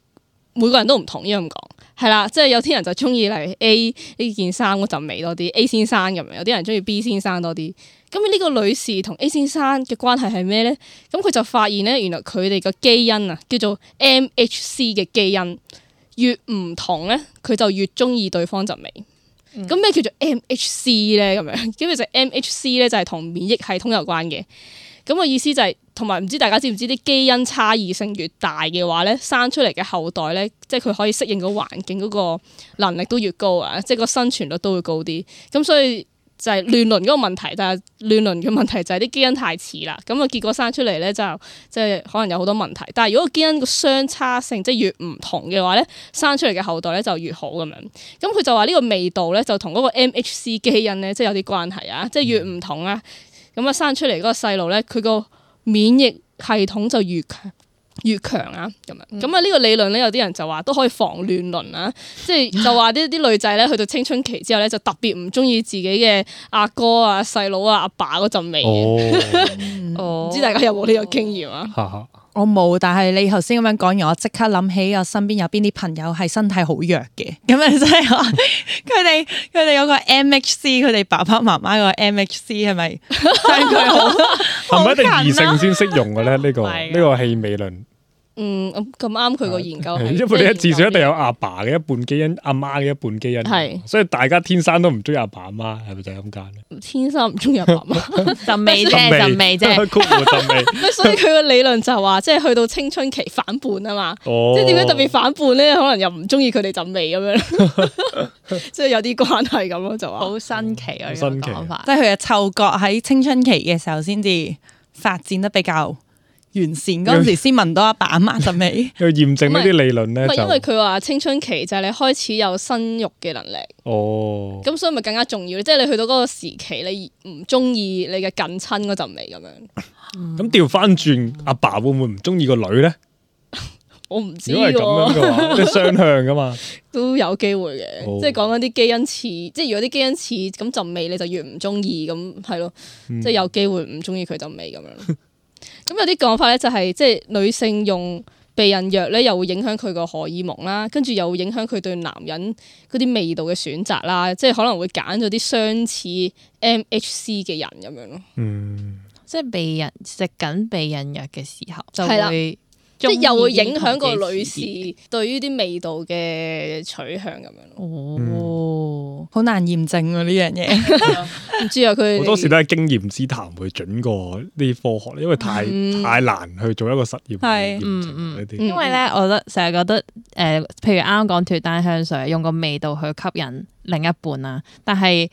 Speaker 2: 每個人都唔同，一樣咁講係啦，即係有啲人就中意嚟 A 呢件衫嗰陣味多啲，A 先生咁樣，有啲人中意 B 先生多啲。咁呢個女士同 A 先生嘅關係係咩咧？咁佢就發現咧，原來佢哋個基因啊，叫做 MHC 嘅基因越唔同咧，佢就越中意對方陣味。咁咩、嗯、叫做 MHC 咧？咁 樣，咁其實 MHC 咧就係同免疫系統有關嘅。咁、個意思就係，同埋唔知大家知唔知，啲基因差異性越大嘅話咧，生出嚟嘅後代咧，即係佢可以適應個環境嗰個能力都越高啊，即係個生存率都會高啲。咁所以。就係亂倫嗰個問題，但係亂倫嘅問題就係啲基因太似啦，咁啊結果生出嚟咧就即係可能有好多問題。但係如果個基因個相差性即係越唔同嘅話咧，生出嚟嘅後代咧就越好咁樣。咁佢就話呢個味道咧就同嗰個 MHC 基因咧即係有啲關係啊，即係越唔同啊，咁啊生出嚟嗰個細路咧佢個免疫系統就越強。越強啊，咁樣咁啊呢個理論咧，有啲人就話都可以防亂倫啊，即係就話啲啲女仔咧，去到青春期之後咧，就特別唔中意自己嘅阿哥啊、細佬啊、阿爸嗰陣味，唔、哦、 知大家有冇呢個經驗啊？
Speaker 3: 哦哦 我冇，但係你頭先咁樣講完，我即刻諗起我身邊有邊啲朋友係身體好弱嘅，咁啊真係，佢哋佢哋有個 MHC，佢哋爸爸媽媽個 MHC 係咪
Speaker 2: 真係
Speaker 1: 係咪一定異性先適用嘅咧？呢、這個呢、oh、my 個氣味論。
Speaker 2: 嗯，咁啱佢個研究，因為你至
Speaker 1: 少一定有阿爸嘅一半基因，阿媽嘅一半基因，係，所以大家天生都唔中意阿爸阿媽，係咪就係咁解咧？
Speaker 2: 天生唔中意阿爸阿媽，就味啫，就味啫，所以佢個理論就話，即係去到青春期反叛啊嘛，即係點解特別反叛咧？可能又唔中意佢哋陣味咁樣，即係有啲關
Speaker 3: 係咁樣，就話好新奇啊！新奇，即係佢嘅嗅覺喺青春期嘅時候先至
Speaker 2: 發展得比較。完善嗰
Speaker 1: 陣時先
Speaker 3: 聞到阿爸阿媽陣味，去驗證呢啲理論咧就。唔係因為
Speaker 2: 佢話青春期就係你開始有生育嘅能力。哦。咁所以咪更加重要，即係、就係、你去到嗰個時期，你唔中意你嘅近親嗰陣味咁
Speaker 1: 樣。咁調翻轉，阿爸會唔會唔中意個女咧？
Speaker 2: 嗯、 我唔知喎。如果係咁樣嘅話，即係雙
Speaker 1: 向噶嘛。
Speaker 2: 都有機會嘅、哦，即係講緊啲基因似，即係如果啲基因似咁陣味，你就越唔中意咁，係咯，即係有機會唔中意佢陣味咁樣。 咁有啲講法咧，就係，就係即係女性用避孕藥咧，又會影響佢個荷爾蒙啦，跟住又會影響佢對男人嗰啲味道嘅選擇啦，即係可能會揀咗啲相似 MHC 嘅人咁樣咯。嗯，即係避孕食緊避孕藥嘅時候就會。即又會影響個女士對於啲味道嘅取向咁
Speaker 3: 樣
Speaker 1: 哦，
Speaker 3: 好、嗯嗯、難驗證啊呢樣嘢，
Speaker 2: 唔 知啊佢。
Speaker 1: 好多時都係經驗之談會準過啲科學，因為太、嗯、太難去做一個實驗。係，嗯嗯，嗯。因為咧，
Speaker 3: 我覺得
Speaker 4: 成日覺得誒，譬如啱啱講脫單香水，用個味道去吸引另一半啊，但係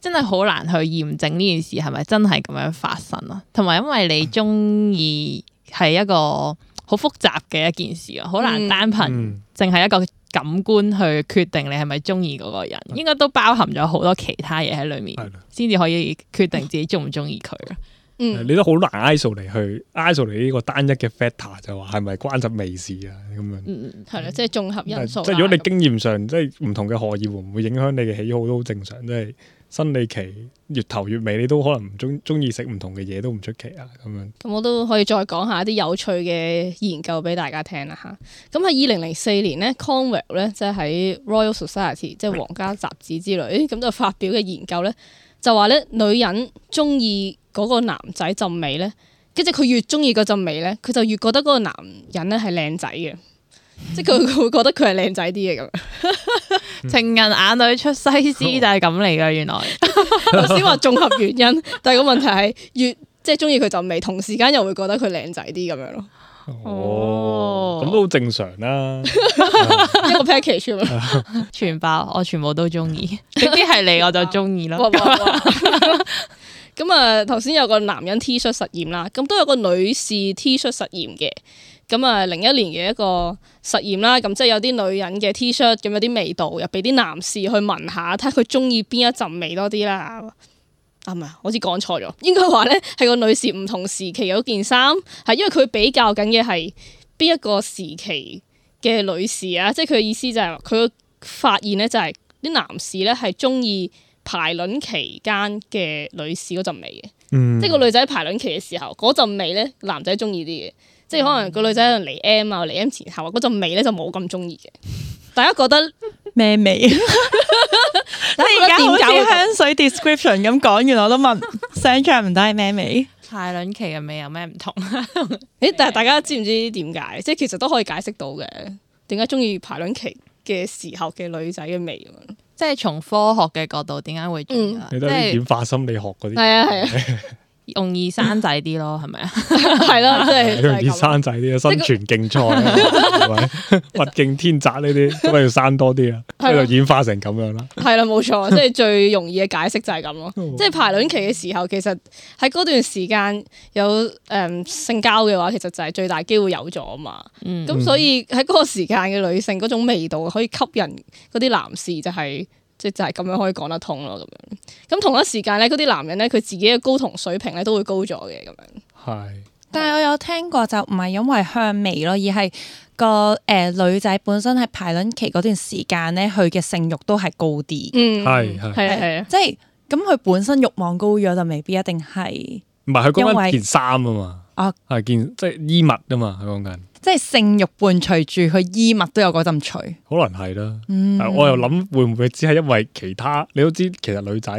Speaker 4: 真係好難去驗證呢件事係咪真係咁樣發生啊。同埋，因為你中意係一個。嗯好複雜嘅一件事啊，好難單憑淨係一個感官去決定你係咪中意嗰個人，應該都包含咗好多其他嘢喺裏面，先至的可以決定自己中唔中意佢。
Speaker 1: 你都好難 isol 嚟，去 isol 嚟呢個單一嘅 factor 就話係咪關集微事啊咁樣。嗯的
Speaker 2: 嗯，係啦的，即係綜合因素。即係如果你
Speaker 1: 經驗上的即係唔同嘅荷爾蒙唔會影響你嘅喜好都好正常，即係。生理期越頭越尾，你都可能唔中中意食唔同嘅嘢，都唔出奇啊！咁樣，
Speaker 2: 咁我都可以再講下一啲有趣嘅研究俾大家聽啦吓，咁喺二零零四年咧 Conwell 咧即係喺 Royal Society 即係皇家雜誌之類，咁就發表嘅研究咧，就話咧女人中意嗰個男仔陣味咧，跟住佢越中意嗰陣味咧，佢就越覺得嗰個男人咧係靚仔嘅， 即係佢會覺得佢係靚仔啲嘅咁。 情人眼裏出西施就係咁嚟嘅，原來。頭先話綜合原因， 但係個問題係越即係中意佢就未、是，同時間又會覺得佢靚仔啲咁樣咯。哦，
Speaker 1: 咁都好正常
Speaker 4: 啦、
Speaker 2: 啊。 一個 package 咪
Speaker 4: 全包，我全部都中意。
Speaker 2: 有啲係你我就中意啦。咁啊， 頭先 有個男人 T 恤實驗啦，咁都有個女士 T 恤實驗嘅。咁啊，零一年嘅一個實驗啦，咁即係有啲女人嘅 T-shirt 咁有啲味道，又俾啲男士去聞下，睇下佢中意邊一陣味多啲啦。啊唔係，好似講錯咗，應該話咧係個女士唔同時期有件衫，係因為佢比較緊嘅係邊一個時期嘅女士啊，即係佢嘅意思就係佢個發現咧就係啲男士咧係中意排卵期間嘅女士嗰陣味嘅，嗯、即係個女仔排卵期嘅時候嗰陣味咧男仔中意啲嘅。即係可能個女仔喺度嚟 M 啊，嚟 M 前後嗰陣味咧就冇咁中意嘅。大家覺得咩味？你而家好似香水
Speaker 3: description 咁講完我都問，想象唔到係咩味？
Speaker 2: 排卵期嘅味有咩唔同？誒，但係大家知唔知點解？即係其實都可以解釋到嘅，點解中意排卵期嘅時候嘅女仔嘅味，即
Speaker 4: 係從科學嘅角度，點解會？嗯，你都係演
Speaker 1: 化心理學嗰啲、嗯。係、就、啊、是，係啊。
Speaker 4: 容易生仔啲咯，係咪啊？係咯 吧，即係容易
Speaker 1: 生仔啲啊！生存競賽，係咪物競天擇呢啲咁咪要生多啲啊？喺度 吧演化成咁樣啦。
Speaker 2: 係啦，冇錯，即係最容易嘅解釋就係咁咯。 即係排卵期嘅時候，其實喺嗰段時間有誒、嗯、性交嘅話，其實就係最大機會有咗啊嘛。咁、嗯、所以喺嗰個時間嘅女性嗰種味道可以吸引嗰啲男士，就係、是。即就係咁樣可以講得通咯，咁樣。咁同一時間咧，嗰啲男人咧，佢自己嘅睾酮水平咧，都會高咗嘅，咁
Speaker 1: 樣。係是。
Speaker 2: 但係我有聽過就唔係因為香味咯，而係個誒、
Speaker 3: 呃、女仔本身喺排卵期嗰段時間咧，佢嘅性慾都係高啲。嗯，係係係。以是是即係咁，佢本身慾望高咗，就未必一定係。唔係佢講緊件
Speaker 1: 衫啊嘛。為啊。係件即係衣物啊嘛，佢講緊。
Speaker 3: 即係性慾伴隨住佢衣物都有嗰陣除。
Speaker 1: 可能係啦。但、嗯啊、我又諗會唔會只係因為其他？你都知其實女仔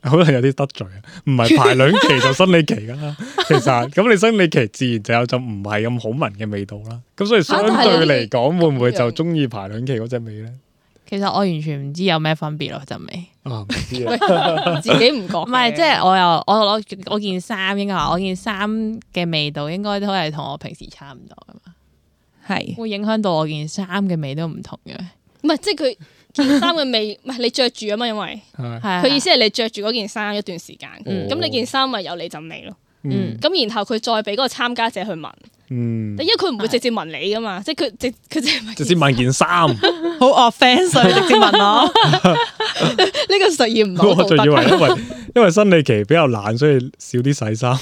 Speaker 1: 可能有啲得罪啊，唔係排卵期就生理期噶啦。 其實咁你生理期自然就有種唔係咁好聞嘅味道啦。咁所以相對嚟講， 會唔會就中意排卵期嗰隻味咧？
Speaker 4: 其實我完全唔知有咩分別咯，陣味。
Speaker 1: 哦，唔
Speaker 2: 知 自己唔講。唔係，即係我
Speaker 4: 又我我我件衫應該話我件衫嘅味道應該都係同我平時差唔多噶嘛。係。會影響到
Speaker 2: 我件衫嘅味都唔同嘅。唔係，即係佢件衫嘅味，唔係 你着住啊嘛，因為佢意思係你着住嗰件衫一段時間，咁，嗯，你件衫咪有你陣味咯。嗯，咁然後佢再俾嗰個參加者去聞，嗯，因為佢唔會直接聞你噶嘛，即係佢直佢直接
Speaker 1: 直接聞件衫，
Speaker 3: 好 offensive 直接聞啊，呢個實驗
Speaker 1: 唔到，我仲以為因為因為生理期比較懶，所以少啲洗衫，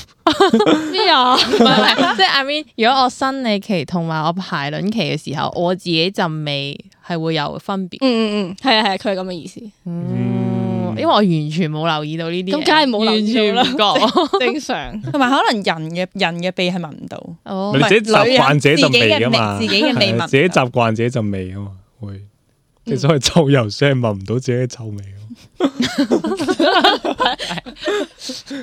Speaker 4: 知啊，即係 I mean，如果我生理期同埋我排卵期嘅時候，我自己就未係會有分別，嗯
Speaker 2: 嗯嗯，係啊係啊，佢係咁嘅意思。
Speaker 3: 因為我完全冇留意到呢啲嘢，咁梗係冇留意到，完全唔覺，正常。同埋可能人嘅人嘅鼻係聞唔到，你自己習慣者陣味自己嘅味，自
Speaker 1: 己習慣者陣味啊嘛，會即係所謂臭油水聞唔到自己嘅臭味。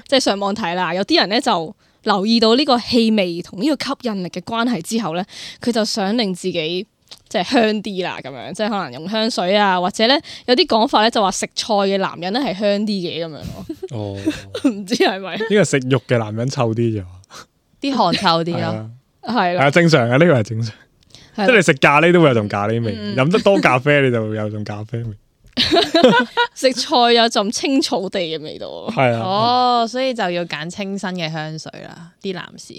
Speaker 2: 即係上網睇啦，有啲人咧就留意到呢個氣味同呢個吸引力嘅關係之後咧，佢就想令自己。即係香啲啦，咁樣即係可能用香水啊，或者咧有啲講法咧就話食菜嘅男人咧係香啲嘅，咁樣咯。哦、
Speaker 1: oh.，
Speaker 2: 唔知係咪？
Speaker 1: 呢個食肉嘅男人臭啲咋？
Speaker 2: 啲汗、嗯、臭啲咯，係啦，係啊，
Speaker 1: 正常啊，呢個係正常。即係你食咖喱都會有種咖喱味，飲、呃嗯、得多咖啡你就會有種咖啡味。
Speaker 4: 食菜有種青草地嘅味道，係啊，哦，oh, 所以就要揀清新嘅香水
Speaker 2: 啦，啲男士。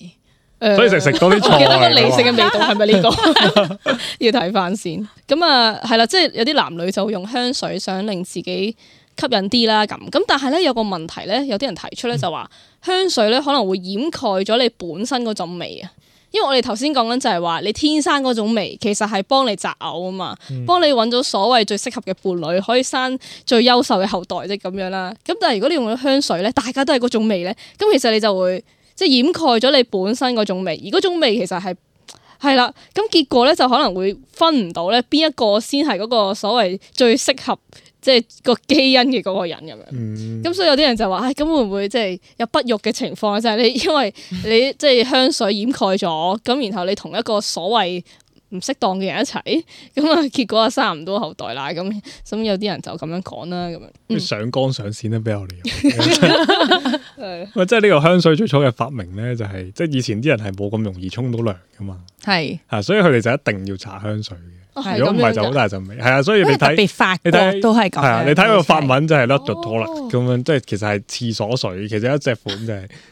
Speaker 2: 所以成食嗰啲菜， 我記得個理性嘅味道係咪呢個？ 要睇翻先。咁啊，係啦，即係有啲男女就會用香水，想令自己吸引啲啦。咁，咁但係咧，有個問題咧，有啲人提出咧就話香水咧可能會掩蓋咗你本身嗰陣味啊。因為我哋頭先講緊就係話你天生嗰種味，其實係幫你擇偶啊嘛，幫、嗯、你揾到所謂最適合嘅伴侶，可以生最優秀嘅後代即咁樣啦。咁但係如果你用咗香水咧，大家都係嗰種味咧，咁其實你就會。即係掩蓋咗你本身嗰種味，而嗰種味其實係係啦，咁結果咧就可能會分唔到咧邊一個先係嗰個所謂最適合即係個基因嘅嗰個人咁樣。咁、嗯、所以有啲人就話：唉，咁會唔會即係有不育嘅情況？就係、是、你因為你即係香水掩蓋咗，咁 然後你同一個所謂。唔適當嘅人一齊，咁啊結果啊生唔到後代啦，咁咁有啲人就咁樣講啦，咁、嗯、樣
Speaker 1: 上綱上線咧俾我哋。喂 對，即係呢個香水最初嘅發明咧、就是，就係即係以前啲人係冇咁容易沖到涼㗎嘛，係啊是，所以佢哋就一定要搽香水嘅，哦、如果唔係就好大陣味。係啊，所以你睇別你睇都係咁。係，你睇個法文就係 eau de toilette 啦，咁樣即係其實係廁所水，其實一隻款就嘅、是。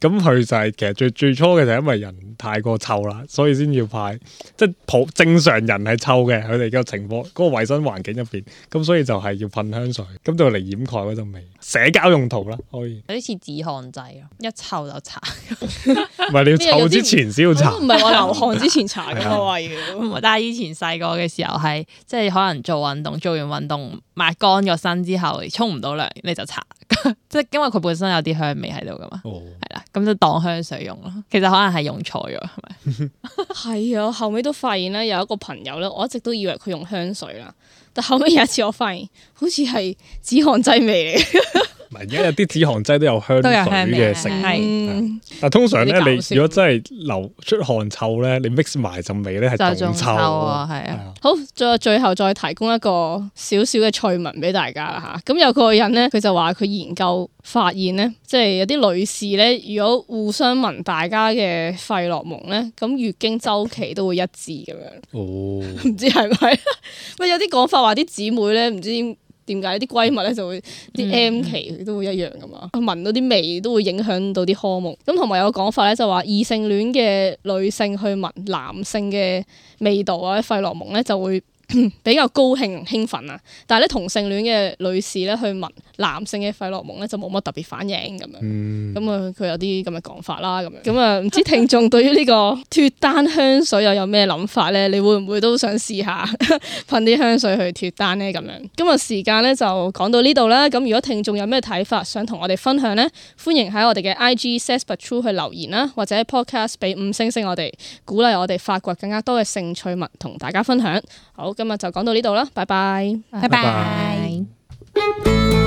Speaker 1: 咁佢就係、是、其實最最初嘅就係因為人太過臭啦，所以先要派即係、就是、普正常人係臭嘅，佢哋、那個情況嗰個衛生環境入邊，咁所以就係要噴香水，咁就嚟掩蓋嗰陣味。社交用途啦，可以
Speaker 4: 有啲似止汗劑一臭就擦。
Speaker 1: 唔係。 你要臭之前先要擦，我
Speaker 4: 唔係話流汗之前擦嘅， 但係以前細個嘅時候係即係可能做運動，做完運動抹乾個身之後沖唔到涼，你就擦。即係因為佢本身有啲香味喺度噶嘛，係啦、oh.，咁就當香水用咯。其實可能係用錯咗，係咪？
Speaker 2: 係 啊，我後尾都發現咧，有一個朋友咧，我一直都以為佢用香水啦，但後尾有一次我發現， 好似係止汗劑味嚟。
Speaker 1: 唔係而家有啲止汗劑都有香水嘅成分係？但通常咧，你如果真係流出汗臭咧，嗯、你 mix 埋陣味咧係仲臭啊。係
Speaker 2: 啊。好，再最後再提供一個少少嘅趣聞俾大家啦吓，咁有個人咧，佢就話佢研究發現咧，即、就、係、是、有啲女士咧，如果互相聞大家嘅費洛蒙咧，咁月經周期都會一致咁樣。哦，唔知係咪？係？ 喂，有啲講法話啲姊妹咧，唔知點解啲閨蜜咧就會啲 M 期都會一樣㗎嘛，佢 聞到啲味都會影響到啲荷爾蒙。咁同埋有個講法咧，就話異性戀嘅女性去聞男性嘅味道啊，啲費洛蒙咧就會。嗯、比較高興興奮啊！但係咧同性戀嘅女士咧去聞男性嘅費洛蒙咧就冇乜特別反應咁、嗯、樣，咁啊佢有啲咁嘅講法啦咁樣，咁啊唔知聽眾對於呢個脫單香水又有咩諗法咧？你會唔會都想試下噴啲香水去脫單咧？咁樣今日時間咧就講到呢度啦。咁如果聽眾有咩睇法想同我哋分享咧，歡迎喺我哋嘅 IG Sex But True 去留言啦，或者 podcast 俾五星星我哋鼓勵我哋發掘更加多嘅性趣物同大家分享。好。今日就講到呢度啦，拜拜，拜拜。bye。Bye bye